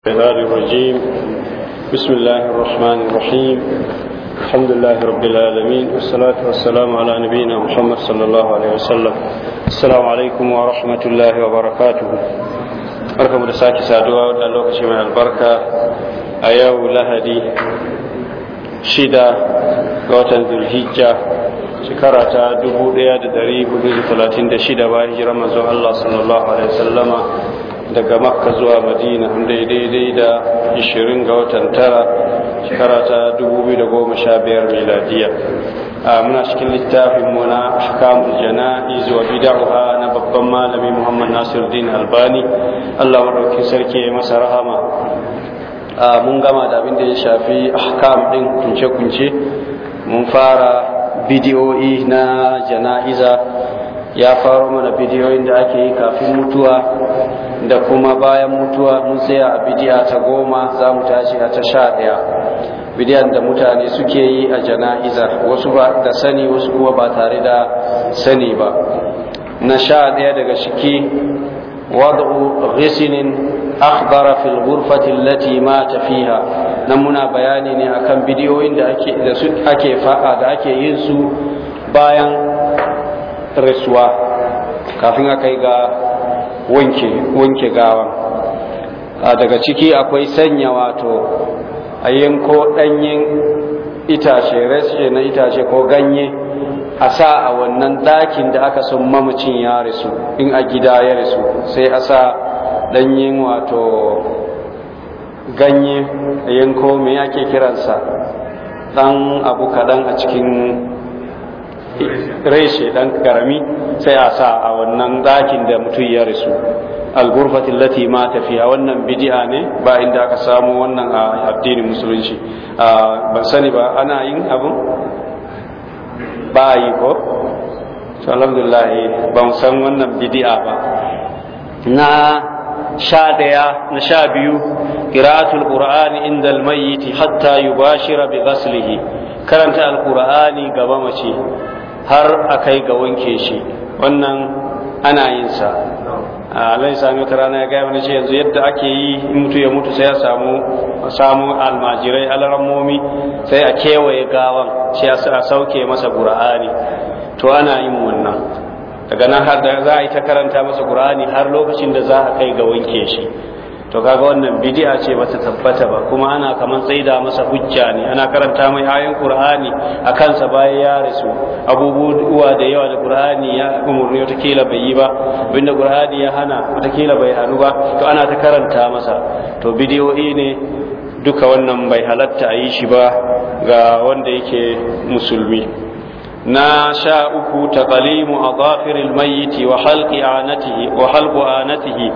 الشيطان الرجيم بسم الله الرحمن الرحيم الحمد لله رب العالمين والصلاة والسلام على نبينا محمد صلى الله عليه وسلم السلام عليكم ورحمة الله وبركاته da sake saduwa da lokaci mai albarka a yau lahadi shida ga watan zulhijja shekara ta 1436 bayan hijirar manzon Allah sallallahu alaihi wasallama daga makka zuwa madina daidai da 20 ga watan tara shekara ta 2015 miladiya a muna cikin littafin mu na jana jana'iz wa ha na babban malami Muhammad din Albani Allah maɗauki sarki ya masa rahama mun gama da abin da ya shafi ahkam ɗin kunce kunce mun fara bidiyoyi na jana'iza ya faro mana bidiyoyin da ake yi kafin mutuwa da kuma bayan mutuwa mun tsaya a bidiya ta goma za mu tashi a ta sha ɗaya bidiyan da mutane suke yi a jana'izar wasu ba da sani wasu kuma ba tare da sani ba na sha ɗaya daga shiki wad'u ghisnin akhbara fil ghurfati allati mata fiha nan muna bayani ne akan bidiyoyin da ake da su ake fa'a da ake yin su bayan rasuwa kafin a kai ga wanke wanke gawan daga ciki akwai sanya wato a yanko danyen itace rashe na itace ko ganye a sa a wannan ɗakin da aka sun mamacin ya rasu in a gida ya rasu sai a sa danyen wato ganye a yanko me ake kiransa ɗan abu kaɗan a cikin reshe dan karami sai a sa a wannan dakin da mutum ya rasu al-ghurfati allati ma tafiya wannan bid'a ne ba inda aka samu wannan a addinin musulunci ban sani ba ana yin abun ba yi ko to alhamdulillah ban san wannan bid'a ba na sha ɗaya na sha biyu qira'atul qur'ani inda al-mayyit hatta yubashira bi ghaslihi karanta al-qur'ani gaba mace har a kai ga wanke shi wannan ana yin sa Allah ya sami karana ya gaya mana ce yanzu yadda ake yi in mutu ya mutu sai ya samu samu almajirai alarammomi sai a kewaye gawan sai a sauke masa qur'ani to ana yin wannan daga nan har da za a yi ta karanta masa qur'ani har lokacin da za a kai ga wanke shi to kaga wannan bid'a ce ba ta tabbata ba kuma ana kaman tsaida masa hujja ne ana karanta mai ayoyin qur'ani a kansa bayan ya rasu abubuwa da yawa da qur'ani ya umurni wata kila bai yi ba abinda qur'ani ya hana wata kila bai hanu ba to ana ta karanta masa to bidiyoyi ne duka wannan bai halatta a yi shi ba ga wanda yake musulmi na sha uku taqalimu adhafiril mayyiti wa halqi anatihi wa halqu anatihi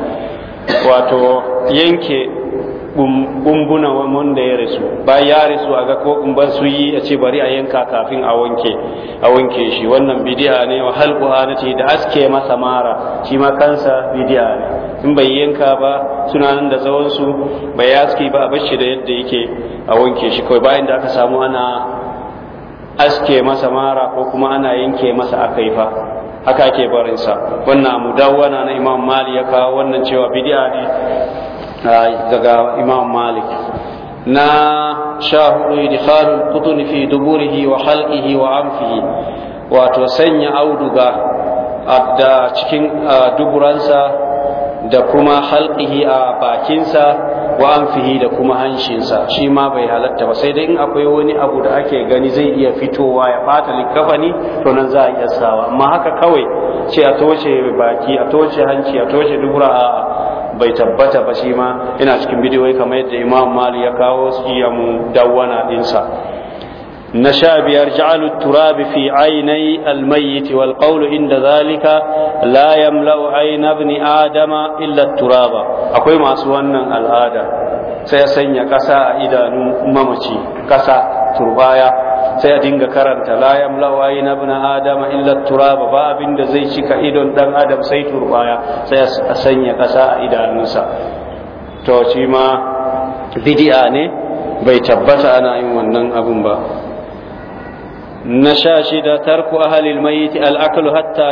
wato yanke kumbuna wanda ya rasu bayan ya rasu a ga ko ban su yi a ce bari a yanka kafin a wanke a wanke shi wannan bidiya ne wa halquha na ce da aske masa mara shi ma kansa bidiya ne in bai yanka ba suna nan da tsawonsu, su bai aske ba a bashi da yadda yake a wanke shi kawai bayan da aka samu ana aske masa mara ko kuma ana yanke masa fa. haka ake barin sa wannan mudawwana na imam mali ya kawo wannan cewa bid'a ne daga imam malik na sha hudu idkhalul qutun fi duburihi wa halqihi wa anfihi wato sanya auduga a cikin duburansa da kuma halqihi a bakinsa wa anfihi da kuma hanshinsa shi ma bai halatta ba sai dai in akwai wani abu da ake gani zai iya fitowa ya bata likafani to nan za a iya sawa amma haka kawai ce a toshe baki a toshe hanci a toshe dubura a bai tabbata ba shi ma ina cikin bidiyoyi kamar yadda imam mali ya kawo su iya mu dawwana dinsa na sha biyar ja'alu turabi fi ainai almayyit wal qawlu inda zalika la yamla'u ayna ibn adama illa turaba akwai masu wannan al'ada sai ya sanya kasa a idanun mamaci kasa turbaya sai a dinga karanta la yamlawai na bin adam illa turaba ba abin da zai cika idon dan adam sai turbaya sai a sanya a idanunsa to shi ma ne bai tabbata ana yin wannan abin ba na sha shida أهل الميت الأكل al'akalu hatta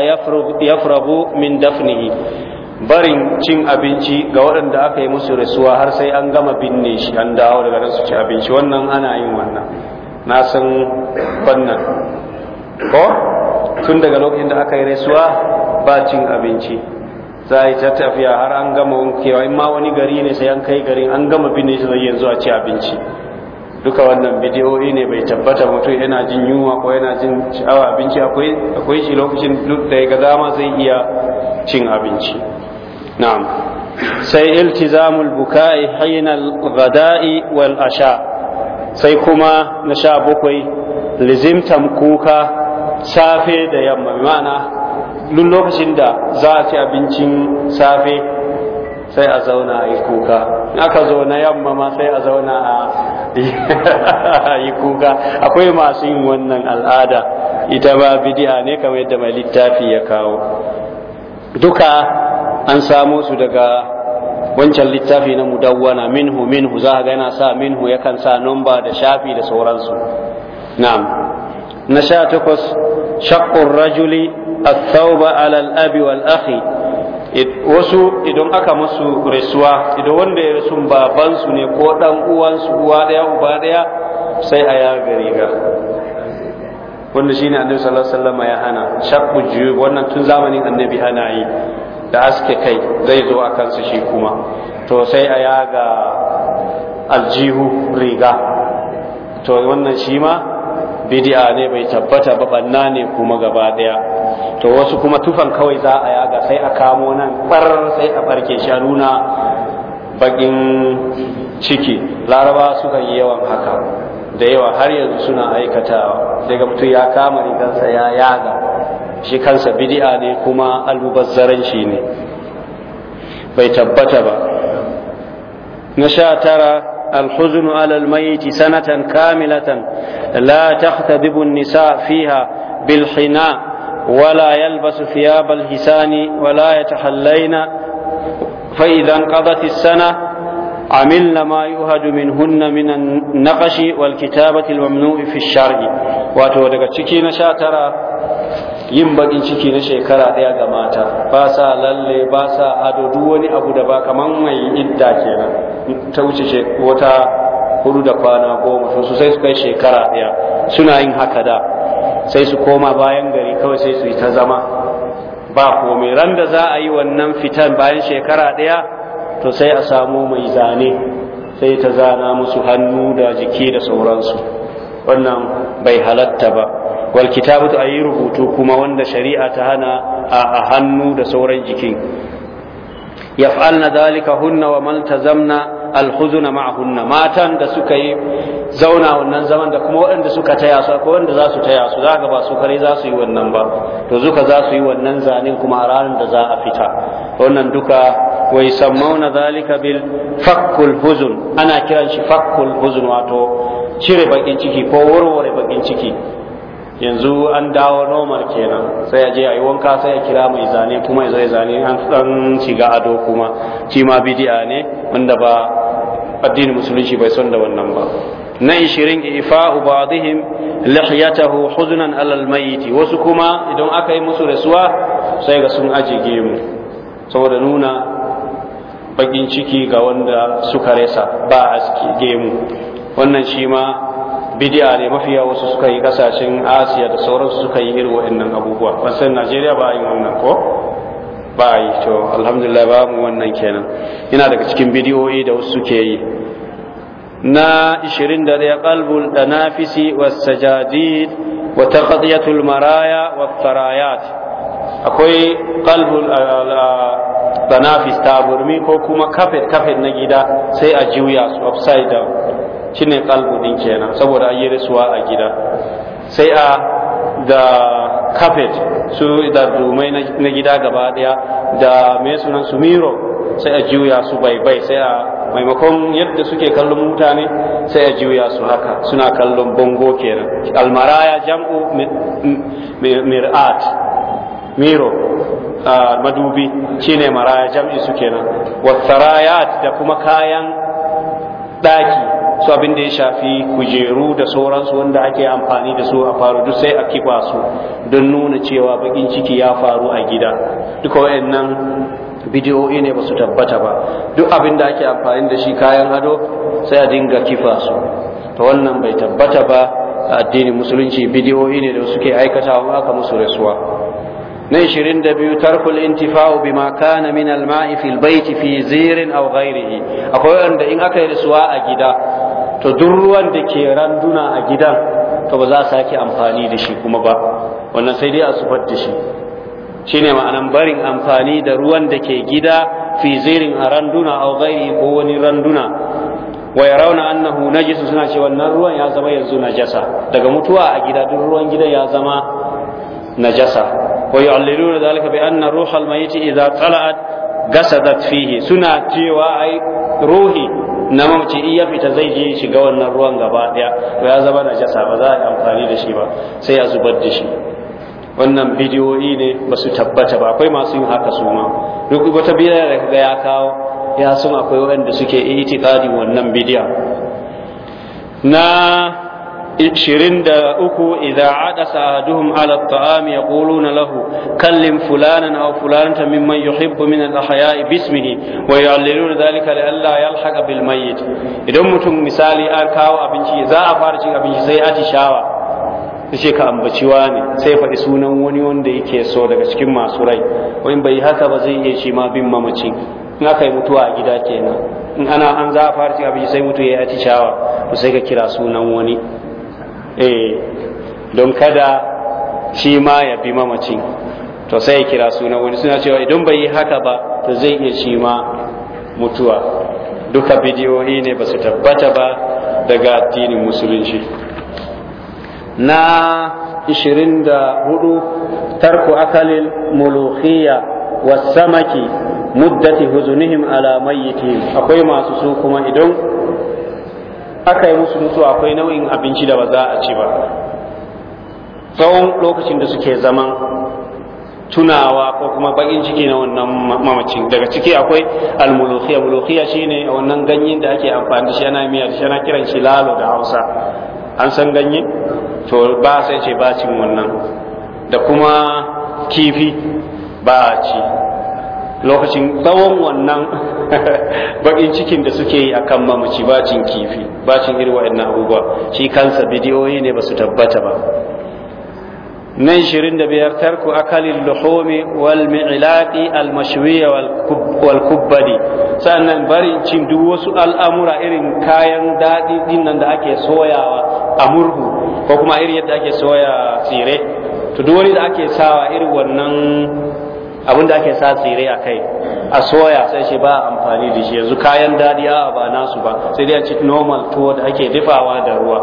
yafrabu min dafnihi barin cin abinci ga waɗanda aka yi musu rasuwa har sai an gama binne shi an dawo daga nan su ci abinci wannan ana yin wannan na san wannan ko tun daga lokacin da aka yi rasuwa ba cin abinci za a yi ta tafiya har an gama wankewa in ma wani gari ne sai an kai garin an gama binne shi zai yanzu a ci abinci duka wannan bidiyoyi ne bai tabbata mutum yana jin yunwa ko yana jin sha'awa abinci akwai shi lokacin duk da ga dama zai iya cin abinci na'am sai iltizamul buka'i Hainal, al-ghada'i wal asha sai kuma na sha bakwai lizimtam kuka safe da yamma ma'ana duk lokacin da za a ci abincin safe sai a zauna a yi kuka in aka zo na yamma ma sai a zauna a yi kuka akwai masu yin wannan al'ada ita ba bidiya ne kamar yadda mai littafi ya kawo duka an samo su daga wancan littafi na mudawwana minhu minhu za ga yana sa minhu yakan sa nomba da shafi da sauransu na'am na sha takwas shakkun rajuli الثوب alal الأب والأخ wasu idan aka musu rasuwa idan wanda ya sun babansu ne ko dan uwansu uwa daya uba daya sai a yaga riga wanda shine annabi sallallahu alaihi wasallam ya hana shaqu juyub wannan tun zamanin annabi ana yi da aske kai zai zo a kansu shi kuma to sai a yaga aljihu riga to wannan shi ma bid'a ne bai tabbata ba banna ne kuma gaba daya to wasu kuma tufan kawai za a yaga sai a kamo nan bar sai a barke sharuna bakin ciki laraba suka yi yawan haka da yawa har yanzu suna aikatawa daga mutum ya kama rigarsa ya yaga shi kansa bid'a ne kuma albubazzaranci ne bai tabbata ba na sha tara الحزن على الميت سنة كاملة لا تختذب النساء فيها بالحناء ولا يلبس ثياب الهسان ولا يتحلين فإذا انقضت السنة عملن ما يهج منهن من النقش والكتابة الممنوع في الشرع واتوا daga ciki na yin bakin ciki na shekara ɗaya ga mata ba sa lalle ba sa ado duk wani abu da ba kaman mai idda kenan ta wuce wata hudu da kwana goma su sai su kai shekara ɗaya suna yin haka da sai su koma bayan gari kawai sai su yi ta zama ba komai ran da za a yi wannan fitan bayan shekara ɗaya to sai a samu mai zane sai ta zana musu hannu da jiki da sauransu wannan bai halatta ba wal a yi rubutu kuma wanda shari'a ta hana a hannu da sauran jiki yaf'alna dhalika hunna wa man tazamna alhuzuna ma'ahunna matan da suka yi zauna wannan zaman da kuma waɗanda suka taya su akwai wanda za su taya su za ga ba su kare za su yi wannan ba to zuka za su yi wannan zanen kuma a ranar da za a fita wannan duka wai sammauna fakkul huzun ana kiran shi fakkul huzun wato cire bakin ciki ko warware bakin ciki yanzu an dawo normal kenan sai ya je a yi wanka sai ya kira mai zane kuma ya zai zane an dan shiga ado kuma shi ma bidi'a ne wanda ba addinin musulunci bai son da wannan ba na ishirin ifa'u ba'dihim lihyatahu huzunan alal mayyiti wasu kuma idan aka yi musu rasuwa sai ga sun aje gemu saboda nuna bakin ciki ga wanda suka resa ba aski gemu wannan shi ma bidiya ne mafiya wasu suka yi kasashen asiya da sauransu suka yi irin wa'annan abubuwa wasu najeriya ba yi wannan ko ba yi to alhamdulillah ba mu wannan kenan yana daga cikin bidiyoyi da wasu suke yi na 21 qalbul nafisi was sajadid wa taqdiyatul maraya wat tarayat akwai qalbul ta burmi ko kuma kafet kafet na gida sai a juya su upside down shine qalbu din kenan saboda an yi rasuwa a gida sai a da carpet su da dumai na gida gaba daya da mai sunan su miro sai a juya su bai bai sai a maimakon yadda suke kallon mutane sai a juya su haka suna kallon bongo kenan almaraya jam'u mir'at miro madubi shine maraya jam'i su kenan wasarayat da kuma kayan ɗaki. su abin da ya shafi kujeru da sauransu wanda ake amfani da su a faru duk sai a kifa su don nuna cewa bakin ciki ya faru a gida duka wayannan bidiyoyi ne ba su tabbata ba duk abin da ake amfani da shi kayan ado sai a dinga kifa su ta wannan bai tabbata ba a addinin musulunci bidiyoyi ne da suke aikatawa aka musu rasuwa na 22 tarkul intifa'u bima kana min al-ma'i fil baiti fi zirin aw ghayrihi akwai wanda in aka yi rasuwa a gida to duk ruwan da ke randuna a gidan to ba za a sake amfani da shi kuma ba wannan sai dai a sufar da shi shine ma'anan barin amfani da ruwan da ke gida fi zirin a randuna a gairi ko wani randuna wa ya rauna annahu najisu suna ce wannan ruwan ya zama yanzu najasa daga mutuwa a gida duk ruwan gida ya zama najasa wa da zalika bi anna ruhal mayyit idza tala'at gasadat fihi suna cewa ai ruhi na mamaci in ya fita zai je shiga wannan ruwan gaba daya to ya zama na jasa ba za a yi amfani da shi ba sai ya zubar da shi wannan bidiyoyi ne ba su tabbata ba akwai masu yin haka su ma duk wata bidiyar da kaga ya kawo ya sun akwai waɗanda suke itikadi wannan bidiyan na عشرين أكو إذا عدس أحدهم على ya يقولون له كلم فلانا أو فلانة ممن يحب من الأحياء باسمه ويعللون ذلك لئلا يلحق بالميت إذا متم مثالي أركاو أبنشي إذا أفارج أبنشي سيئة شاوى sai ka ambaciwa wani. sai faɗi sunan wani wanda yake so daga cikin masu rai wani bai haka ba zai iya shi ma bin mamaci in aka yi mutuwa a gida kenan in ana an za a fara abinci sai mutu ya yi atishawa sai ka kira sunan wani eh don kada shi ma ya bi mamacin to sai ya kira suna wani suna cewa idan bai yi haka ba to zai iya shi ma mutuwa duka bidiyoyi ne ba su tabbata ba daga addinin musulunci na 24 tarku akalil wa samaki muddati huzunihim ala mayyitin akwai masu su kuma idan aka yi musu mutu akwai nau'in abinci da ba za a ci ba tsawon lokacin da suke zaman tunawa ko kuma bakin ciki na wannan mamacin daga ciki akwai shi ne shine wannan ganyen da ake amfani da shi ana miya da shi ana kiran shi lalo da hausa an san ganye to ba sai ce bacin wannan da kuma kifi ba a ci lokacin tsawon wannan bakin cikin da suke yi akan mamaci bacin kifi bacin irwa wa'annan abubuwa shi kansa bidiyoyi ne ba su tabbata ba shirin da biyar tarku akalin luhumi wal mi'laqi al mashwiya wal kubbadi sannan bari cin duk wasu al'amura irin kayan daɗi din nan da ake soyawa a murhu ko kuma irin yadda ake soya tsire to duk wani da ake sawa irin wannan abin da ake sa tsirai a kai a soya sai shi ba amfani da shi yanzu kayan daɗi a ba nasu ba sai dai a ci normal tuwo da ake difawa da ruwa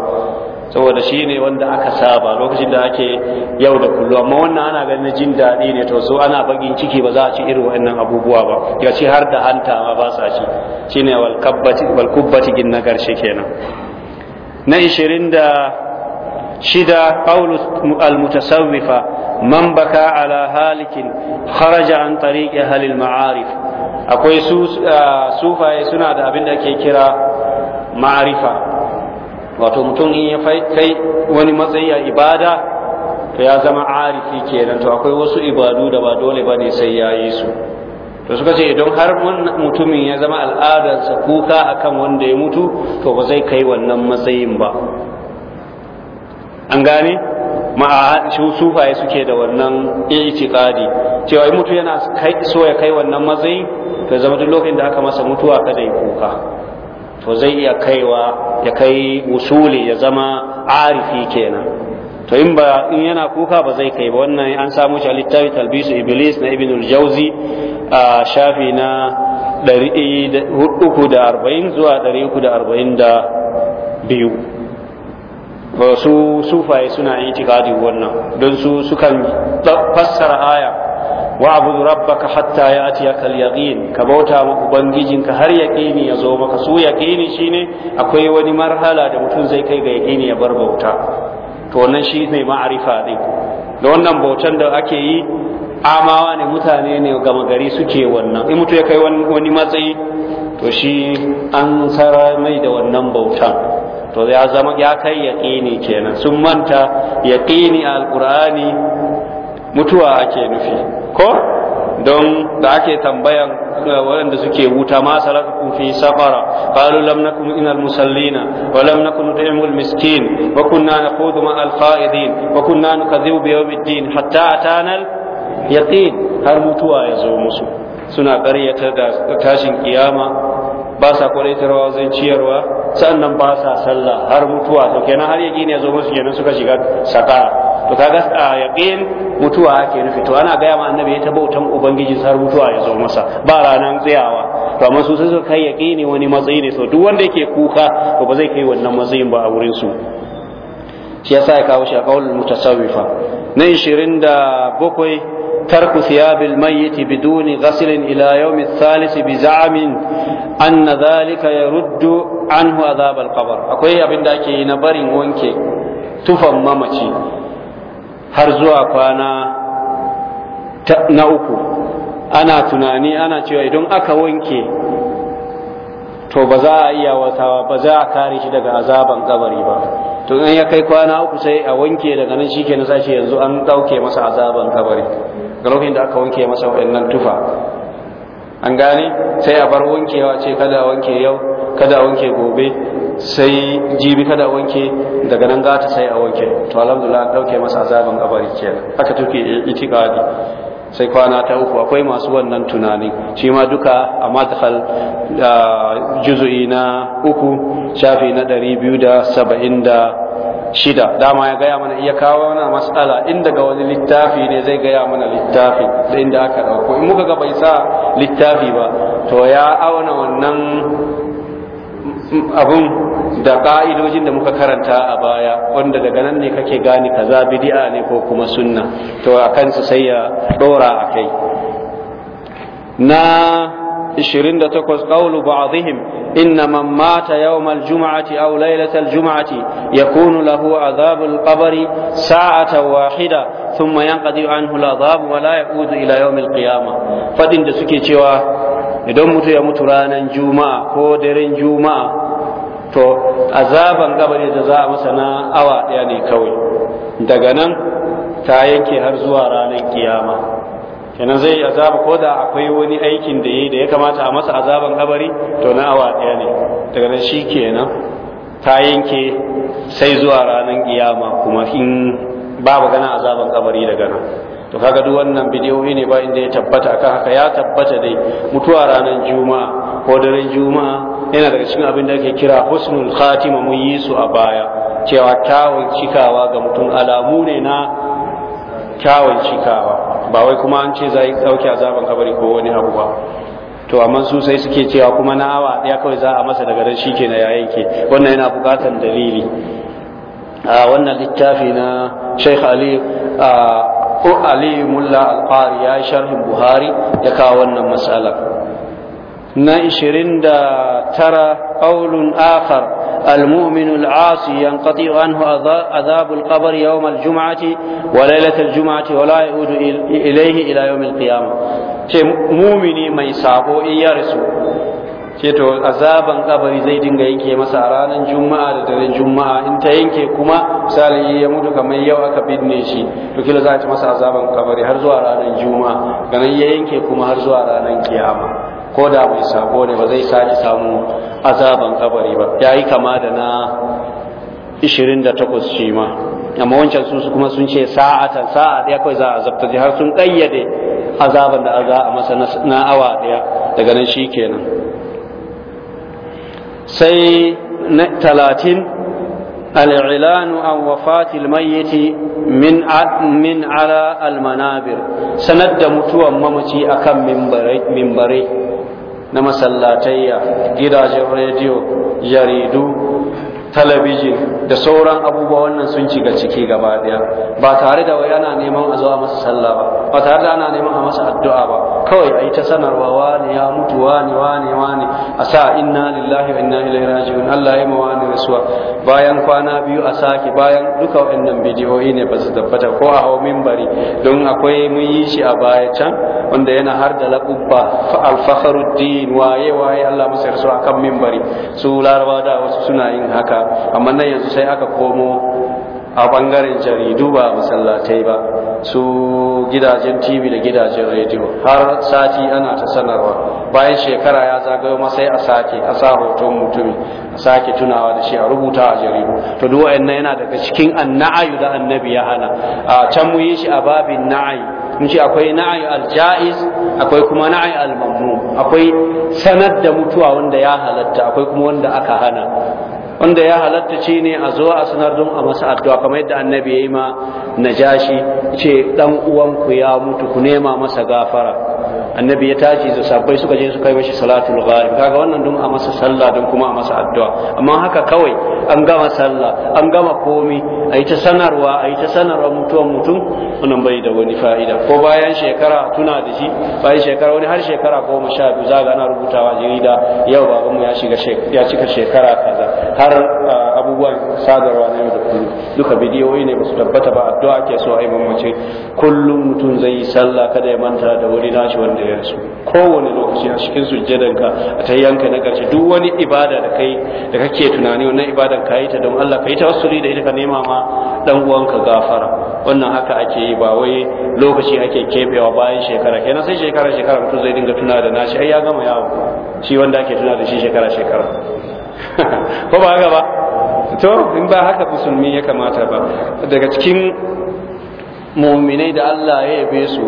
saboda shi ne wanda aka saba lokacin da ake yau da kullum amma wannan ana ganin jin daɗi ne to so ana bakin ciki ba za a ci irin wannan abubuwa ba ya ci har da hanta ma ba sa ci shine wal kubbati gin na garshe kenan na 26 shida al mutasawwifa man baka ala halikin kharaja an tariqi halil ma'arif akwai sufaye suna da abin da ke kira ma'arifa wato mutum in ya kai wani matsayi a ibada to ya zama arifi kenan to akwai wasu ibadu da ba dole ba ne sai ya yi su to suka ce idan har mutumin ya zama al'adarsa kuka akan wanda ya mutu to ba zai kai wannan matsayin ba an gane Ma ma'a sufaye suke da wannan i'tiqadi cewa in mutu yana so ya kai wannan mazai. to zama duk lokacin da aka masa mutuwa kada ya kuka to zai iya kaiwa ya kai usuli ya zama arifi kenan to in ba in yana kuka ba zai kai ba wannan an samu shi a littafi talbisu iblis na ibn al-jauzi a shafi na 340 zuwa 342 su sufaye suna itikadi wannan don su sukan fassara aya wa abu rabbaka hatta ya ati ya kal yaqin ka bauta ma ubangijinka har yaqini ya zo maka su yaqini shine akwai wani marhala da mutum zai kai ga yaqini ya bar bauta to wannan shi ne ma'arifa din da wannan bautan da ake yi amawa ne mutane ne gama gari suke wannan in mutu ya kai wani matsayi to shi an tsara mai da wannan bautan to ya zama ya kai yaƙini kenan sun manta yaƙini alƙur'ani mutuwa ake nufi ko don da ake tambayan eh, waɗanda suke wuta ma kun fi safara qalu lam nakum inal musallina wa lam nakun nut'imul miskin wa kunna naqudu ma al qa'idin wa kunna nukadhibu bi yawmiddin hatta atana al yaqin har mutuwa ya zo musu suna ƙaryata da tashin kiyama ba sa rawa zai ciyarwa sannan ba sa sallah har mutuwa to kenan har ne ya zo musu kenan suka shiga sakara to kaga a yaqin mutuwa ake nufi to ana gaya ma annabi ya ta bautan ubangiji har mutuwa ya zo masa ba ranan tsayawa to amma su suka kai ne wani matsayi ne so duk wanda yake kuka to ba zai kai wannan matsayin ba a wurin su shi yasa ya kawo shi a kawul mutasawwifa na 27 ترك ثياب الميت بدون غسل إلى يوم الثالث بزعم أن ذلك يرد عنه عذاب القبر أقول أبن داكي نبرين وانكي تفن ممتي هرزوا كوانا نأكو أنا تناني أنا cewa idan aka wanke to ba za a iya watawa ba za a kare shi daga azaban kabari ba to in ya kai kwana uku sai a wanke daga nan shi ke nasa yanzu an ɗauke masa azaban kabari galohin da aka wanke masa waɗannan tufa an gane sai a bar wankewa ce kada wanke yau kada wanke gobe sai jibi kada wanke daga nan za ta sai a wanke to alhamdulillah dauke masa azaban kabari kenan aka take itikadi sai kwana ta uku akwai masu wannan tunani shi ma duka a madhal ah, juzu'i na uku shafi na ɗari biyu da saba'in shida dama ya gaya mana iya kawo wani matsala inda ga wani littafi ne zai gaya mana littafi da inda aka ɗauko in muka ga bai sa littafi ba to ya auna wannan abun da ƙa'idojin da muka karanta a baya wanda daga nan ne kake gane kaza bidi'a ne ko kuma sunna to a kansu sai ya ɗora a kai na 28 qawlu ba'dihim inna man mata yawm al-jum'ati aw laylat al yakunu lahu adhab al-qabri sa'atan wahida thumma yanqadi anhu al wa la ya'udu ila yawm qiyamah fadin da suke cewa idan mutu ya mutu ranan juma'a ko daren juma'a to azaban kabari da za a masa na awa ɗaya ne kawai daga nan ta yanke har zuwa ranar kiyama kenan zai yi azaba ko da akwai wani aikin da yi da ya kamata a masa azaban kabari to na awa ɗaya ne daga nan shi kenan ta yanke sai zuwa ranar kiyama kuma in babu gana azaban kabari daga nan to kaga duk wannan bidiyoyi ne ba inda ya tabbata kan haka ya tabbata dai mutuwa ranar juma'a ko daren juma'a yana daga cikin abin da ake kira husnul khatima mun yi su a baya cewa kyawun cikawa ga mutum alamu ne na kyawun cikawa ba wai kuma an ce za yi ɗauki azaban kabari ko wani abu ba to amma su sai suke cewa kuma na awa ɗaya kawai za a masa daga ran shi ke na yayin ke wannan yana buƙatar dalili a wannan littafi na sheikh ali ko ali mulla alƙari ya sharhin buhari ya kawo wannan matsalar na ترى قول آخر المؤمن العاصي ينقطع عنه عذاب القبر يوم الجمعة وليلة الجمعة ولا يعود إليه إلى يوم القيامة ce mumini mai sabo in ya rasu azaban kabari zai dinga yanke masa a ranar juma'a da daren juma'a in ta yanke kuma misali ya mutu kamar yau aka binne shi to kila za ta masa azaban kabari har zuwa ranar juma'a yanke kuma har zuwa ranar kiyama ko da mai sako ne ba zai sake samu azaban kabari ba ya yi kama da na 28 shi ma amma wancan su kuma sun ce sa'atan sa'a ɗaya kawai za a zabta har sun kayyade azaban da za a masa na awa ɗaya. daga nan shi kenan sai na talatin الإعلان عن وفاة الميت min من على المنابر da متوى mamaci akan منبري na masallatayya gidajen rediyo jaridu talabijin da sauran abubuwa wannan sun ci ga ciki gaba daya ba tare da wai ana neman a zuwa masa sallah ba ba tare da ana neman a masa addu'a ba kawai a yi ta sanarwa wani ya mutu wani wani wani a sa inna lillahi wa inna ilaihi raji'un Allah ya mawa ne rasuwa bayan kwana biyu a sake bayan duka waɗannan bidiyoyi ne ba su tabbata ko a hau mimbari don akwai mun yi shi a baya can wanda yana har da laƙubba alfaharuddin waye waye Allah masa akan mimbari su larabawa da wasu suna yin haka amma nan yanzu sai aka komo a bangaren jaridu ba masallatai ba su gidajen tv da gidajen rediyo har sati ana ta sanarwa bayan shekara ya zagayo ma sai a sake a sa hoton mutumi a sake tunawa da shi a rubuta a jaridu to duk wa'annan yana daga cikin anna'ayu da annabi ya hana a can mu yi shi a babin na'ayi mun ce akwai na'ayi aljaiz akwai kuma na'ayi almamnun akwai sanar da mutuwa wanda ya halatta akwai kuma wanda aka hana wanda ya halatta ci ne a zo a sanar don a masa addu'a kamar yadda annabi ya yi ma najashi ce dan uwanku ya mutu ku nema masa gafara annabi ya tashi da sabbai suka je suka kai mashi salatul gharib kaga wannan don a masa sallah don kuma a masa addu'a amma haka kawai an gama sallah an gama komi a ta sanarwa a ta sanarwa mutuwan mutum wannan bai da wani fa'ida ko bayan shekara tuna da shi bayan shekara wani har shekara goma sha biyu za ga ana rubutawa jarida yau babanmu ya shiga ya cika shekara kaza har abubuwan sadarwa na yau da kullum duka bidiyoyi ne ba tabbata ba addu'a ke so a yi mamace kullum mutum zai yi sallah kada ya manta da wani nashi wanda su kowane lokaci a cikin sujjadanka a yanka na karshe duk wani ibada da kai da kake tunani wannan ibadan ka yi ta don Allah ka kayi tawassuli da ita ka nema ma dan uwanka gafara wannan haka ake yi ba wai lokaci ake kebewa bayan shekara kenan sai shekara shekara mutum zai dinga tuna da nashi ai ya gama yawo shi wanda ake tuna da shi shekara shekara ko ba haka ba to in ba haka musulmi ya kamata ba daga cikin muminai da Allah ya yabe su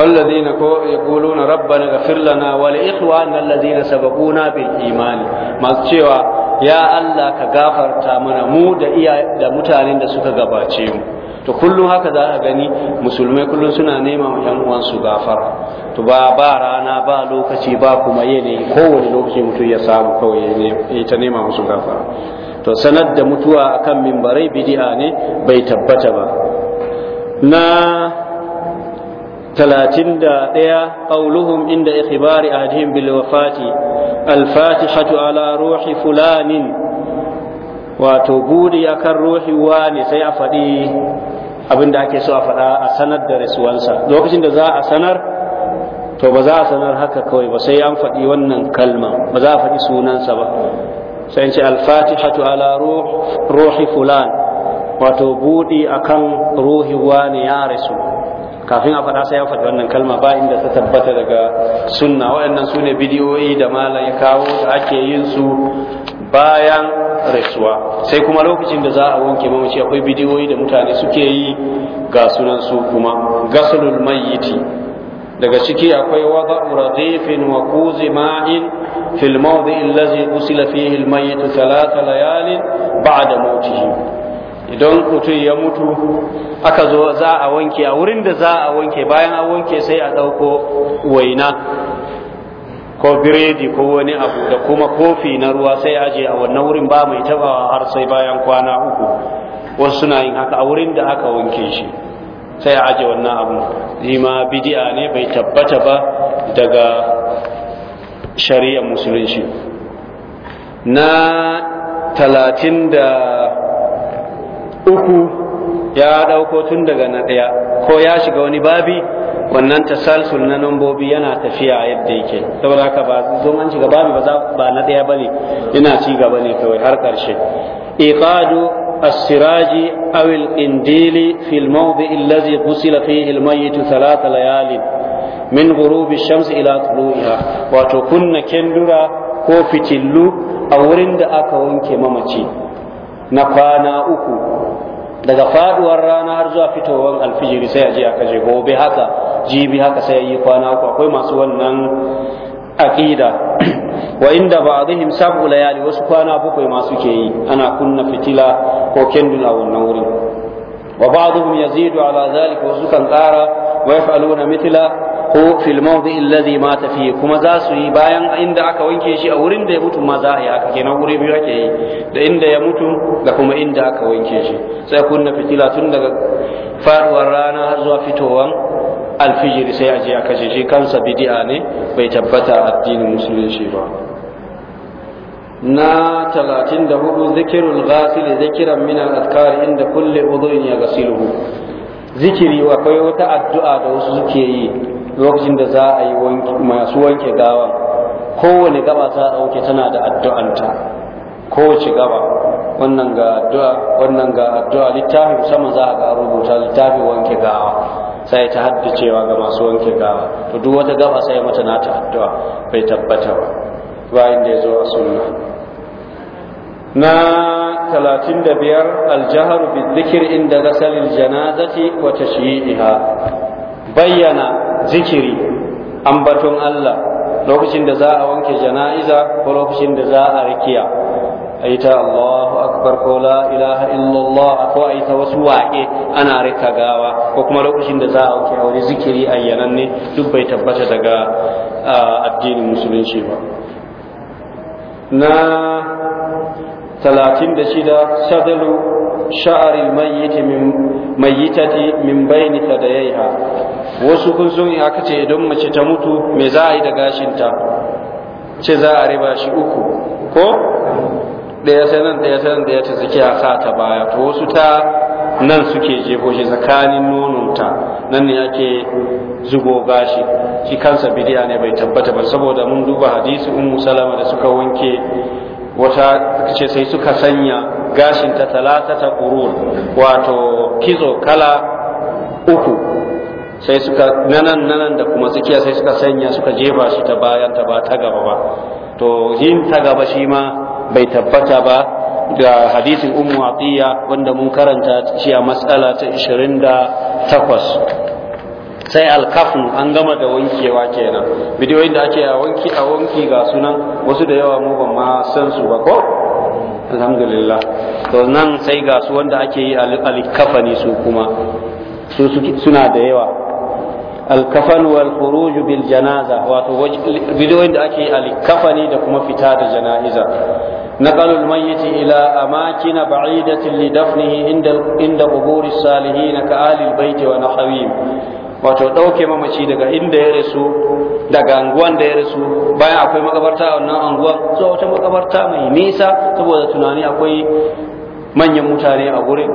الذين يقولون ربنا اغفر لنا ولإخواننا الذين سبقونا بالإيمان ما cewa ya Allah ka gafarta mana mu da iya da mutanen da suka gabace mu to kullum haka za a gani musulmai kullum suna nema ma yan uwansu gafara to ba ba rana ba lokaci ba kuma yene kowane lokaci mutum ya samu kawai ya ta nema musu gafara to sanar da mutuwa akan mimbarai bidi'a ne bai tabbata ba na talatin da ɗaya ƙauluhum inda ikhbari ahadihim bil wafati al-fatihatu ala ruhi fulanin wato gudi akan ruhi wani sai a faɗi abin da ake so a faɗa a sanar da rasuwansa lokacin da za a sanar to ba za a sanar haka kawai ba sai an faɗi wannan kalma ba za a faɗi sunansa ba sai ce al-fatihatu ala ruhi fulan wato buɗi akan ruhi wani ya rasu kafin a faɗa sai ya faɗi wannan kalma ba inda ta tabbata daga sunna waɗannan su ne bidiyoyi da malam ya kawo da ake yin su bayan rasuwa sai kuma lokacin da za a wanke mamaci akwai bidiyoyi da mutane suke yi ga sunan su kuma gasulul mayyiti daga ciki akwai wada'u radifin wa kuzi ma'in fil mawdi allazi usila fihi al mayyit thalatha layalin ba'da mawtihi idan mutum ya mutu aka zo za a wanke a wurin da za a wanke bayan a wanke sai a ɗauko waina ko biredi ko wani abu da kuma kofi na ruwa sai aje a wannan wurin ba mai tabawa har sai bayan kwana uku wasu suna yin haka a wurin da aka wanke shi sai a aje wannan abu ma bidiya ne bai tabbata ba daga shari'ar musulunci na talatin da uku ya ɗauko tun daga na ɗaya ko ya shiga wani babi wannan tasalsul na nambobi yana tafiya yadda yake saboda haka ba zo an shiga babi ba na ɗaya bane yana ci gaba ne kawai har ƙarshe iqadu as-siraji aw al-indili fi al-mawdi allazi qusila fihi al-mayyit thalath layalin min ghurubi ash-shams ila wato kunna kendura ko fitillu a wurin da aka wanke mamaci na kwana uku daga faduwar rana har zuwa fitowar alfijiri sai a je aka je gobe haka jibi haka sai yi kwana uku akwai masu wannan aqida wa inda ba'dihim sab'u layali wasu kwana bakwai masu ke yi ana kunna fitila ko kendula wannan wurin wa ba'dhum yazidu ala zalika wasu kan tsara wa yaf'aluna mithla ko fil mawdi alladhi mata fiye kuma za su yi bayan inda aka wanke shi a wurin da ya mutu ma za a yi aka kenan wuri biyu ake yi da inda ya mutu da kuma inda aka wanke shi sai kunna fitila tun daga faruwar rana har zuwa fitowan alfijiri sai a je a kashe shi kansa bidi'a ne bai tabbata addinin musulunci ba na talatin da hudu zikirul ghasil zikiran min al-azkar inda kulli udhun ya zikiri zikiri akwai wata addu'a da wasu suke yi lokacin da za a yi masu wanke gawa kowane gaba za a wanke tana da addu'anta kowace gaba wannan ga addu'a wannan ga addu'a littafi musamman za a ga rubuta littafi wanke gawa sai ta haddacewa ga masu wanke gawa to duk wata gaba sai mata nata addu'a bai tabbata ba bayan da ya zo a sunna na talatin da biyar aljaharu bizikir inda ghasalil janazati wa tashyi'iha bayyana zikiri ambaton Allah lokacin da za a wanke jana'iza ko lokacin da za a rikiya a yi Allahu akbar ko la ilaha illallah ko a yi ta wasu waƙe ana rika gawa ko kuma lokacin da za a wanke a wani zikiri ne duk bai tabbata daga addinin musulunci ba na talatin da shida sadalu sha'ar almayyit min mayyitati min bayni tadayha wasu kun sun aka ce idan mace ta mutu me za a yi da gashinta ce za a riba shi uku ko ɗaya sai nan ɗaya ta zakiya sa ta baya to wasu ta nan suke jefo shi tsakanin nononta nan ne ake zugo gashi shi kansa bidiya ne bai tabbata ba saboda mun duba hadisi ummu salama da suka wanke wata ce sai suka sanya Gashin ta talata ta qurun wato kizo kala uku sai suka nanan nanan da kuma tsakiya sai suka sanya suka jefa shi ta bayan ta ba ta gaba ba to yin ta gaba shi ma bai tabbata ba da hadisin ummu atiya wanda mun karanta shi a matsala ta 28 sai alkafin an gama da wankewa kenan bidiyoyin da ake a wanki a wanki ga sunan wasu da yawa mu ban ma san su ba ko alhamdulillah to nan sai ga su wanda ake yi alkafani su kuma su suna da yawa alkafan wal khuruj bil janaza wato bidiyoyin da ake alkafani da kuma fita da jana'iza نقل الميت إلى أماكن بعيدة لدفنه عند عند قبور الصالحين كآل البيت ونحوهم wato ɗauke mamaci daga inda ya rasu daga anguwan da ya rasu bayan akwai makabarta a wannan anguwa zuwa wata makabarta mai nisa saboda tunani akwai manyan mutane a gurin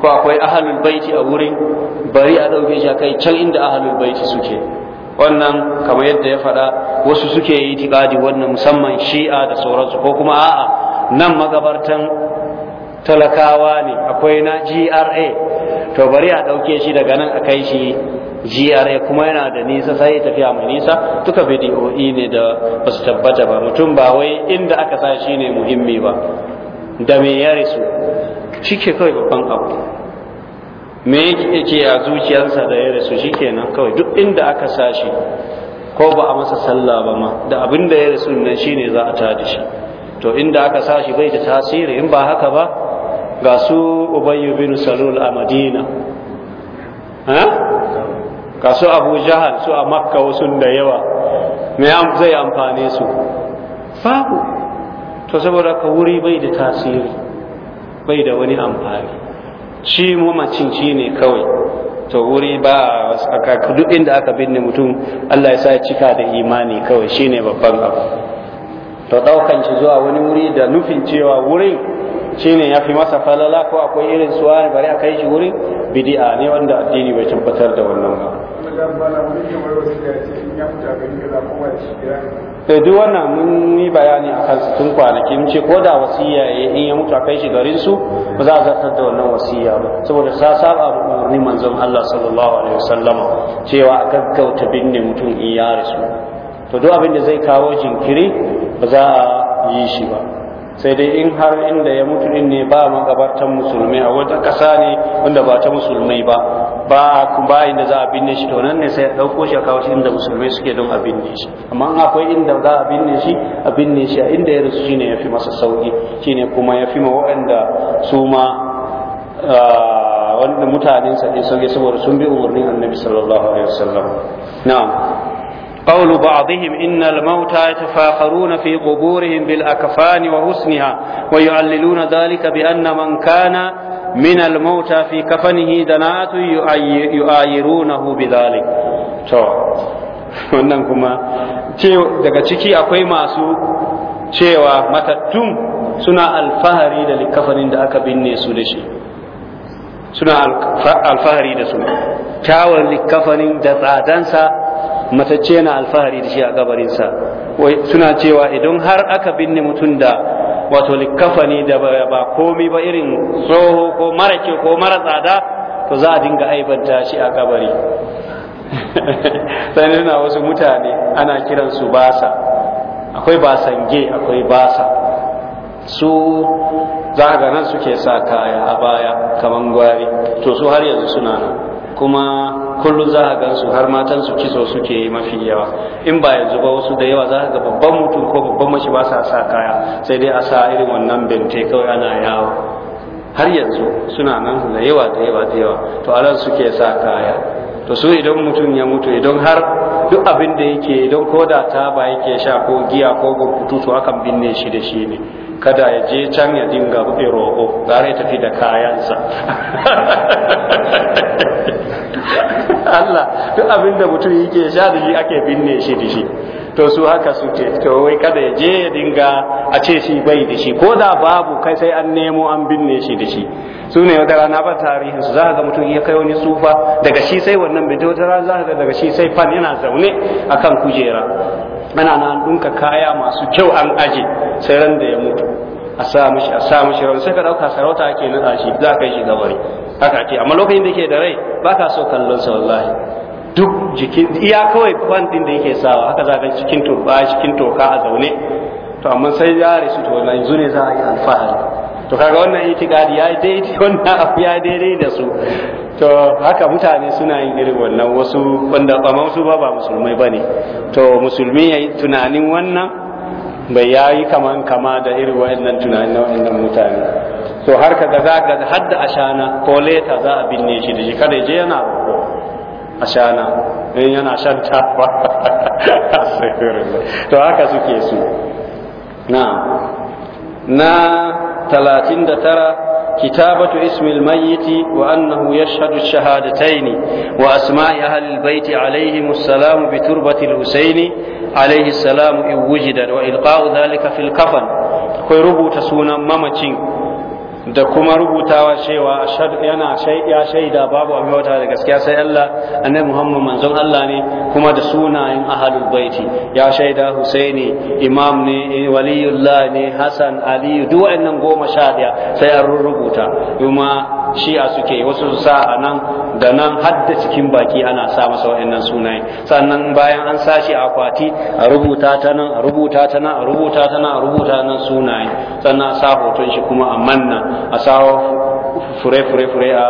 ko akwai ahalul baiti a wurin bari a ɗauke shi kai can inda ahalul baiti suke wannan kamar yadda ya faɗa wasu suke yi tiƙadi wannan musamman shi'a da sauransu ko kuma a'a nan magabartan talakawa ne akwai na GRA to bari a ɗauke shi daga nan a kai shi GRA kuma yana da nisa sai tafiya mai nisa duka bidiyo'i ne da ba su tabbata ba mutum ba wai inda aka sa shi ne muhimmi ba da me ya risu shi ke kawai babban abu me yake a zuciyarsa da ya risu shi nan kawai duk inda aka sa shi ko ba a masa sallah ba ma da abin da ya risu nan shine za a tada shi to inda aka sa shi bai da tasiri in ba haka ba ga su ubayyu bin salul a madina ga su abu jahal su a makka wasu da yawa me zai amfane su babu to saboda ka wuri bai da tasiri bai da wani amfani shi mamacin shi ne kawai to wuri ba a duk inda aka binne mutum Allah ya sa cika da imani kawai shi ne babban abu to ɗaukan shi zuwa wani wuri da nufin cewa wurin shine ya fi masa falala ko akwai irin suwa ne bari a kai shi wuri bidi'a ne wanda addini bai tabbatar da wannan ba da eh, duk wannan mun yi bayani a kan tun kwanaki mun ce ko da wasiya ya in ya mutu a kai shi garin su ba za a zartar da wannan wasiya ba saboda ta saba umarni manzon Allah sallallahu alaihi wasallam cewa a gaggauta binne mutum in ya rasu to duk abin da zai kawo jinkiri ba za a yi shi ba sai dai in har inda ya mutu din ne ba magabartan musulmi a wata ƙasa ne wanda ba ta musulmi ba ba ba inda za a binne shi to nan ne sai a ɗauko shi a kawo shi inda musulmai suke don a binne shi amma in akwai inda za a binne shi a binne shi a inda ya rasu ne ya fi masa sauƙi ne kuma ya fi ma waɗanda su ma wanda sa ne sauƙi saboda sun bi umarnin annabi sallallahu alaihi wasallam na'am قول بعضهم إن الموتى يتفاخرون في قبورهم بالأكفان وحسنها ويعللون ذلك بأن من كان من الموتى في كفنه دناءة يؤايرونه بذلك to wannan kuma daga ciki akwai masu cewa matattun suna alfahari da likafanin da aka binne su da shi suna alfahari da su kyawar likafanin da tsadansa matacce na alfahari da shi a kabarinsa suna cewa idan har aka binne mutum da wato likafani da ba komi ba irin tsoho ko mara ko mara tsada to za a dinga aibanta shi a kabari sai na wasu mutane ana kiransu basa akwai basange akwai basa su za ga nan suke sa kaya a baya kaman gwari to su har yanzu suna nan kuma kullum za a su har matan su kiso suke mafi yawa in ba yanzu ba wasu da yawa za ka ga babban mutum ko babban mace ba sa sa kaya sai dai a sa irin wannan bente kawai ana yawo har yanzu suna nan da yawa da yawa da yawa to a suke sa kaya to su idan mutum ya mutu idan har duk abin da yake idan ko da ta ba yake sha ko giya ko gurkutu to akan binne shi da shi ne kada ya je can ya dinga buɗe roƙo gara ya tafi da kayansa Allah duk abin da mutum yake sha da shi ake binne shi da shi to su haka suke to wai kada ya je ya dinga a ce shi bai da shi ko da babu kai sai an nemo an binne shi da shi su ne wata rana ba tarihin su za ga mutum ya kai wani tsufa daga shi sai wannan bai wata rana za ga daga shi sai fan yana zaune akan kujera ana nan dunka kaya masu kyau an aje sai ran da ya mutu a sa mishi a sa mishi ran sai ka dauka sarauta ake nada shi za ka yi shi gabari haka ce amma lokacin da yake da rai baka so kallon sa wallahi duk jikin iya kawai kwan din da yake sawa haka za ka cikin toka, cikin toka a zaune to amma sai ya rasu to wallahi yanzu ne za a yi alfahari to kaga wannan itikadi ya daidai wannan abu ya daidai da su to haka mutane suna yin irin wannan wasu wanda amma wasu ba ba musulmai bane to musulmi yayi tunanin wannan bai yayi kaman kama da irin wa'annan tunanin na wa'annan mutane so har ka za ga hadda ashana ko leta za a binne shi da shi kada je yana roƙo ashana in yana shan taba to haka suke su na na talatin da tara كتابة اسم الميت وأنه يشهد الشهادتين وأسماء أهل البيت عليهم السلام بتربة الحسين عليه السلام إن وجد وإلقاء ذلك في الكفن كي ربو تسونا ممتين da kuma rubutawa cewa yana ya shaida babu abin wata da gaskiya sai Allah annabi Muhammad manzon Allah ne kuma da sunayen ahlul baiti ya shaida Husaini imam ne waliyullah ne Hassan Ali duk waɗannan goma sha ɗaya sai an rubuta kuma shi'a suke wasu su sa a nan da nan har da cikin baki ana sa masa wa'annan sunaye sannan bayan an sa shi akwati a rubuta ta nan a rubuta ta nan a rubuta ta nan a rubuta nan sunaye sannan a sa hoton shi kuma a manna a sa fure-fure-fure a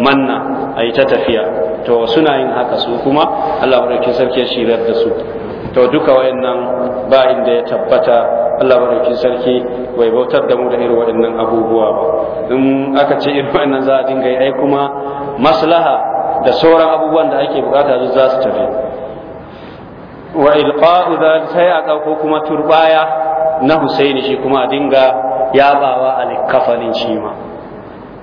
manna a yi ta tafiya to suna haka su kuma Allah sarki ya shirar da su to duka wayannan ba inda ya tabbata Allah madaukin sarki bai bautar da mu da irin waɗannan abubuwa ba in aka ce irin waɗannan za a dinga yi ai kuma maslaha da sauran abubuwan da ake bukata za su tafi wa ilqa'u da sai a ɗauko kuma turbaya na Husaini shi kuma a dinga yabawa a likkafanin shi ma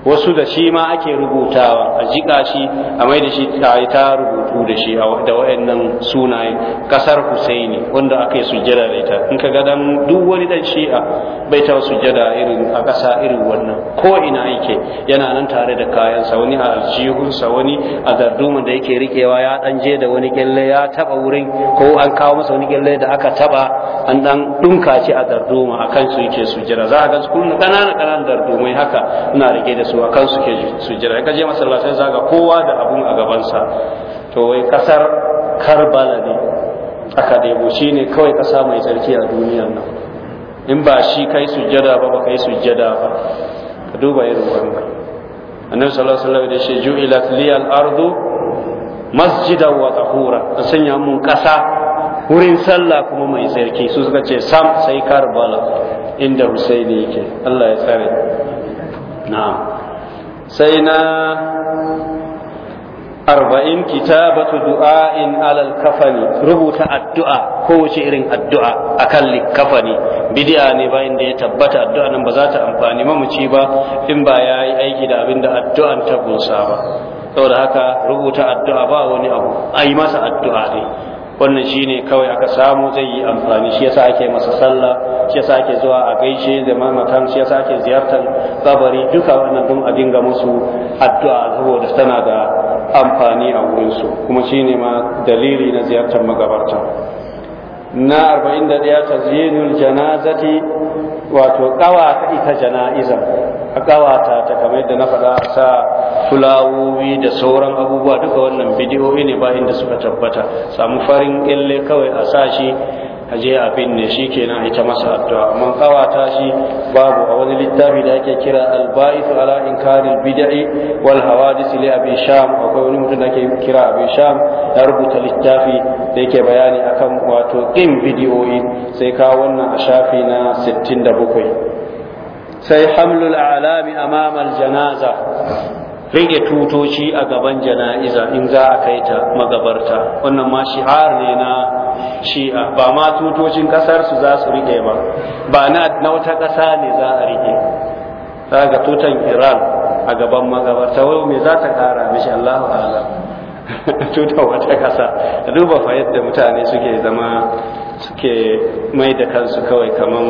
wasu da shi ma ake rubutawa a jika shi a mai da shi ta rubutu da shi da wayannan sunayen kasar husaini wanda aka yi sujjada da ita in ka ga dan duk wani dan shi'a bai taɓa sujjada irin a ƙasa irin wannan ko ina yake yana nan tare da kayansa wani a aljihunsa wani a darduma da yake rikewa ya dan je da wani kyalle ya taɓa wurin ko an kawo masa wani kyalle da aka taɓa an dan dunka shi a darduma akan su yake sujjada za a ga su kullum ƙananan ƙananan haka ina rike da su a kan suke sujjada in ka je masallacin zaga kowa da abun a gabansa to wai kasar karbala ne aka debo shi ne kawai kasa mai tsarki a duniyar nan in ba shi kai sujjada ba ba kai sujjada ba ka duba irin wannan annabi sallallahu alaihi wasallam da shi ila liyal ardu masjidan wa tahura an sanya mun kasa wurin sallah kuma mai tsarki su suka ce sam sai karbala inda husaini yake allah ya tsare na'am sai na arba'in kitabatu du'a'in alal kafani rubuta addu'a kowace irin addu'a a kan likafani bidi'a ne bayan da ya tabbata addu'a nan ba za ta amfani mamuci ba in ba ya yi aiki da abin da addu'an ta gusa ba saboda haka rubuta addu'a ba wani abu a yi masa addu'a ne wannan shi ne kawai aka samu zai yi amfani shi yasa ake masa sallah shi yasa ake zuwa a gaishe da mamatan shi yasa ake ziyartar babari duka wannan don a dinga musu addu'a saboda tana da amfani a wurinsu kuma shi ne ma dalili na ziyartar magabarta na 41 tazyinul janazati wato kawa ita jana'izan. a kawata ta kamar yadda na faɗa a sa fulawowi da sauran abubuwa duka wannan bidiyoyi ne bayan da suka tabbata samu farin ille kawai a sa shi a je a binne shi kenan ita masa addu'a amma kawata shi babu a wani littafi da ake kira al-ba'ith ala inkaril bid'i wal hawadith li abi sham akwai wani mutum da ake kira abi sham ya rubuta littafi da yake bayani akan wato kin bidiyoyi sai ka wannan a shafi na 67 sai hamlul alami amamal janaza rike tutoci a gaban jana'iza in za a kai ta magabarta wannan ma shihar ne na shi'a ba ma tutocin kasar su za su rike ba ba na wata kasa ne za a rike za ga tutan iran a gaban magabarta wai me za ta kara mishi allahu alam tutan wata kasa duba fa yadda mutane suke zama suke mai da kansu kawai kaman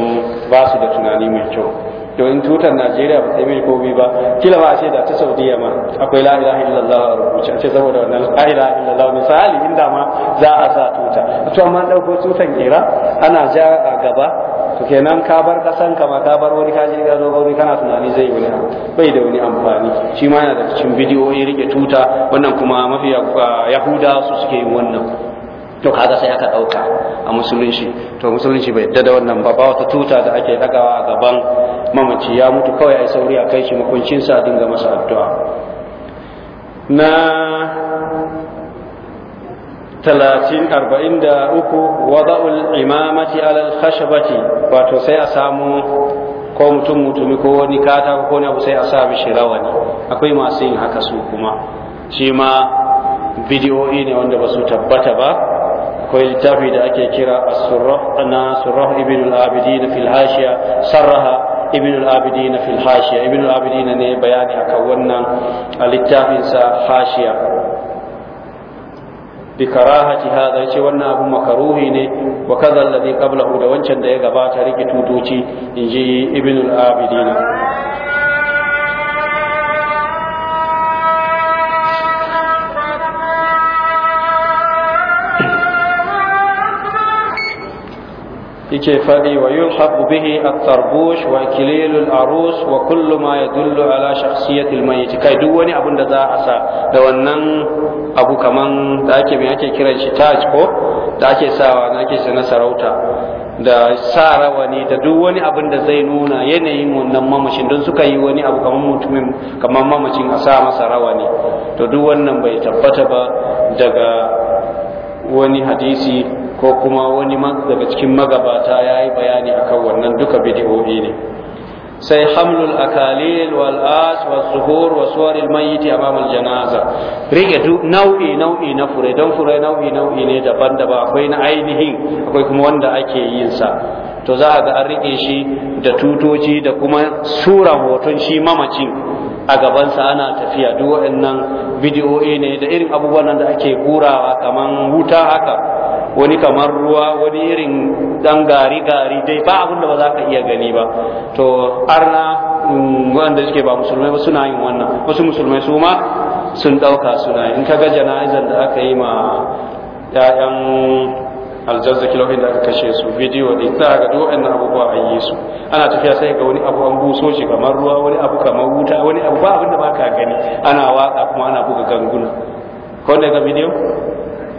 ba su da tunani mai kyau domin tutar Najeriya ba ta mai komi ba kila ba a ce da ta Saudiya ma akwai la ilaha illallah a rubuce a ce saboda wannan la ilaha illallah misali inda ma za a sa tuta to amma dauko tutan kira ana ja a gaba to kenan ka bar kasan kama ka bar wani kaji ga zo wani kana tunani zai wani bai da wani amfani shi ma yana da cikin ya rike tuta wannan kuma mafi ah, yahuda su suke yin wannan to kaga sai aka ɗauka a musulunci to musulunci bai yadda da wannan ba ba wata tuta da ake dagawa a gaban mamaci ya mutu kawai a sauri a kai shi makuncin a dinga masa addu'a na talatin arba'in uku wada'ul imamati al khashabati wato sai a samu ko mutum mutumi ko wani katako ko abu sai a sa mishi rawani akwai masu yin haka su kuma shi ma bidiyoyi ne wanda ba su tabbata ba akwai littafi da ake kira as-surah na surah ibn al-abidin fil hashiya sarraha ibn al-abidin fil hashiya ibn al-abidin ne bayani akan wannan a littafin sa hashiya bi karahati hada yace wannan abu makaruhi ne wa kaza alladhi qablahu da wancan da ya gabata rike tutuci, inji ibn al-abidin yace faɗi wa yulhaqu bihi a tarbush wa kililul arus wa kullu ma yadullu ala shakhsiyati al-mayyit kai duk wani abun da za a sa da wannan abu kaman da ake me ake kiran shi taj ko da ake sawa na ake na sarauta da sa rawani da duk wani abin da zai nuna yanayin wannan mamacin don suka yi wani abu kaman mutumin kamar mamacin a sa masa rawani to duk wannan bai tabbata ba daga wani hadisi ko kuma wani daga cikin magabata ya yi bayani a kan wannan duka bidiyoyi ne sai hamlul akalil wal as wa Zuhur wa suwaril mayiti amam al janaza rike nau'i nau'i na fure don fure nau'i nau'i ne daban-daban akwai na ainihin akwai kuma wanda ake yin sa to za a ga an rike shi da tutoci da kuma sura hoton shi mamacin a gabansa ana tafiya duk waɗannan bidiyo'i ne da irin abubuwan da ake kurawa kaman wuta haka wani kamar ruwa wani irin dan gari-gari dai ba abin da ba za ka iya gani ba to arna mm, wanda suke ba musulmai ba suna yin wannan wasu musulmai su ma sun ɗauka suna in ka ga jana'izar da aka yi ma 'ya'yan aljazza kilofin da aka kashe su bidiyo da ita ga duk na abubuwa an yi su ana tafiya sai ga wani abu an buso shi kamar ruwa wani abu kamar wuta wani abu ba abin da ba ka gani ana waka kuma ana buga ganguna ko ne ga bidiyo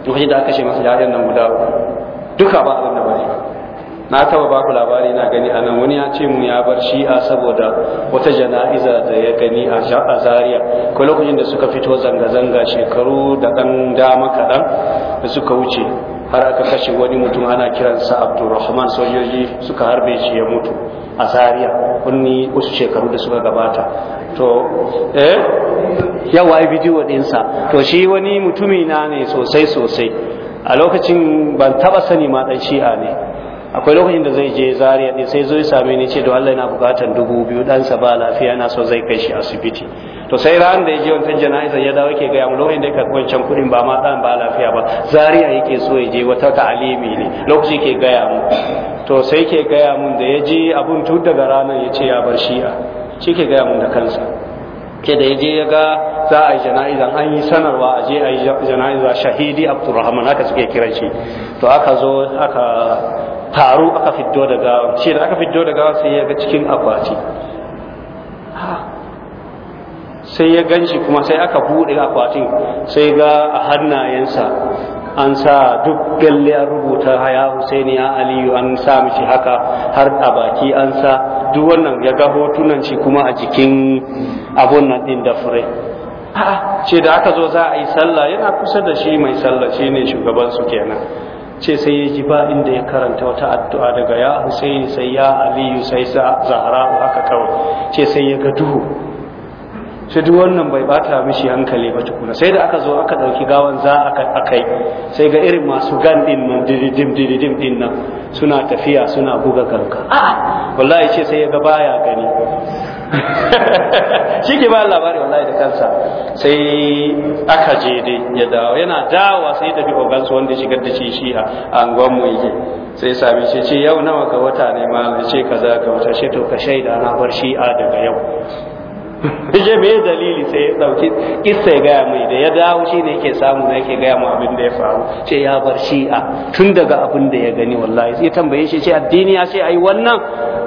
lokacin da aka kashe masa ya'yan nan guda duka ba abin da bane na taba ba ku labari na gani a nan wani ya ce mu ya bar shi'a saboda wata jana'iza da ya gani a zaria ko lokacin da suka fito zanga-zanga shekaru da ɗan dama kaɗan da suka wuce har aka kashe wani mutum ana kiransa abdulrahman sojoji suka harbe shi ya mutu a Zariya, kunni wasu shekaru da suka gabata to eh yawa yi bidiyo ɗinsa to shi wani mutumi na ne sosai sosai a lokacin ban taba sani ma dan shi'a ne akwai lokacin da zai je Zariya ɗin sai zo ya same ni ce to allah yana bukatan dubu biyu ɗansa ba lafiya na so zai kai shi asibiti to sai ran da ya ji wancan jana'iza ya dawo yake gaya mu lokacin da ya karɓi wancan kuɗin ba ma ɗan ba lafiya ba zariya yake so ya je wata ta'alimi ne lokaci ke gaya mu to sai ke gaya mun da ya ji abun tun daga ranar ya ce ya bar shi'a shi ke gaya mun da kansa ke da ya je ya ga za a yi jana'iza an yi sanarwa a je a yi jana'iza shahidi abdurrahman haka suke kiran shi to aka zo aka taru aka fiddo daga shi da aka fiddo daga sai ya ga cikin akwati sai ya ganshi kuma sai aka buɗe akwatin sai ga a hannayensa an sa duk galle an rubuta haya Husaini ya Aliyu an sa mishi haka har a baki an sa duk wannan ya ga hotunan shi kuma a jikin abun nan din da fure a'a ce da aka zo za a yi sallah yana kusa da shi mai sallah shi ne shugaban su kenan ce sai ya ji ba inda ya karanta wata addu'a daga ya Husaini sai ya Aliyu sai sa Zahra haka kawai ce sai ya ga duhu sai duk wannan bai bata mishi hankali ba tukuna sai da aka zo aka ɗauki gawan za a kai sai ga irin masu gan din nan dididim dididim din nan suna tafiya suna buga garka a'a wallahi ce sai ya ga baya gani shi ke ba labari wallahi da kansa sai aka je dai ya dawo yana dawowa sai da bi ogansu wanda shigar da shi shi a anguwan mu yake sai sami shi ce yau nawa ga wata ne ma ce kaza ga wata shi to ka shaida na bar shi a daga yau je me dalili sai ya dauki kissa ya gaya mai da ya dawo shi ne yake samu na yake gaya mu abin da ya faru ce ya bar shi'a tun daga abin da ya gani wallahi sai tambaye shi ce addini ya ce ai wannan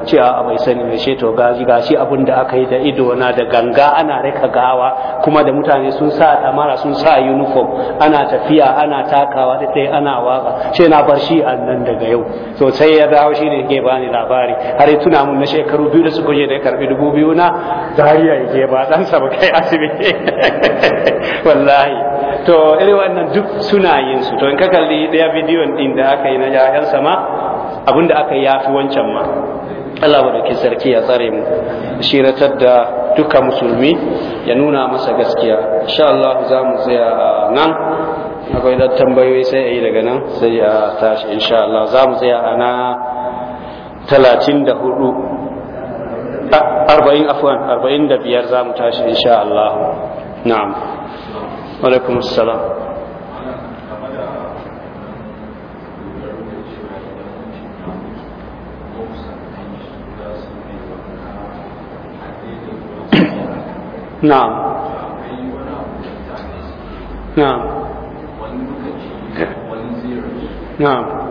ce a bai sani mai ce to gaji gashi abin da aka yi da ido na da ganga ana rika gawa kuma da mutane sun sa amara sun sa uniform ana tafiya ana takawa da sai ana waka ce na bar shi'a nan daga yau to sai ya dawo shi ne ke bani labari har ya tuna mun na shekaru biyu da suka je da ya karbi dubu biyu na zariya je ba ɗansa ba kai asibiti wallahi to irin wannan duk suna yin su to in ka kalli ɗaya bidiyon ɗin da aka yi na yayan sama abin da aka yafi wancan ma Allah madaukin sarki ya tsare mu shiratar da duka musulmi ya nuna masa gaskiya insha Allah za mu tsaya nan akwai da tambayoyi sai a yi daga nan sai a tashi insha Allah za mu tsaya a na talatin da hudu 40 عفوا 40 أربعين دبيار زام تاشر إن شاء الله نعم وعليكم السلام نعم نعم نعم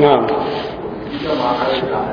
na'am